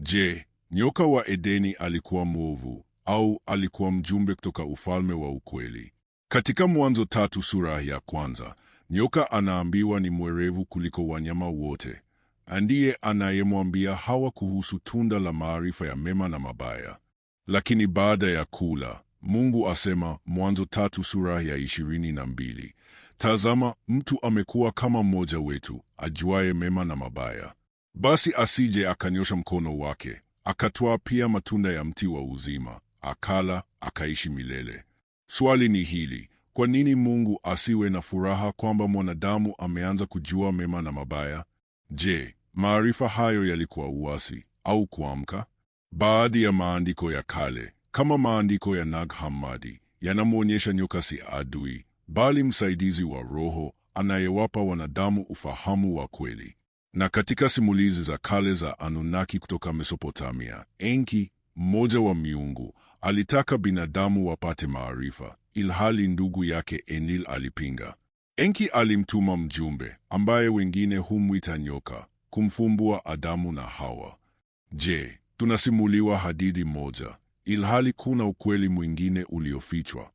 Je, nyoka wa Edeni alikuwa mwovu au alikuwa mjumbe kutoka ufalme wa ukweli? Katika Mwanzo tatu sura ya kwanza, nyoka anaambiwa ni mwerevu kuliko wanyama wote. Ndiye anayemwambia Hawa kuhusu tunda la maarifa ya mema na mabaya. Lakini baada ya kula, Mungu asema, Mwanzo tatu sura ya ishirini na mbili, tazama mtu amekuwa kama mmoja wetu ajuaye mema na mabaya. Basi asije akanyosha mkono wake, akatwaa pia matunda ya mti wa uzima, akala, akaishi milele. Swali ni hili: kwa nini Mungu asiwe na furaha kwamba mwanadamu ameanza kujua mema na mabaya? Je, maarifa hayo yalikuwa uasi au kuamka? Baadhi ya maandiko ya kale kama maandiko ya Nag Hammadi yanamwonyesha nyoka si adui, bali msaidizi wa roho anayewapa wanadamu ufahamu wa kweli. Na katika simulizi za kale za Anunnaki kutoka Mesopotamia, Enki, mmoja wa miungu, alitaka binadamu wapate maarifa, ilhali ndugu yake Enlil alipinga. Enki alimtuma mjumbe ambaye wengine humwita nyoka kumfumbua Adamu na Hawa. Je, tunasimuliwa hadithi moja ilhali kuna ukweli mwingine uliofichwa?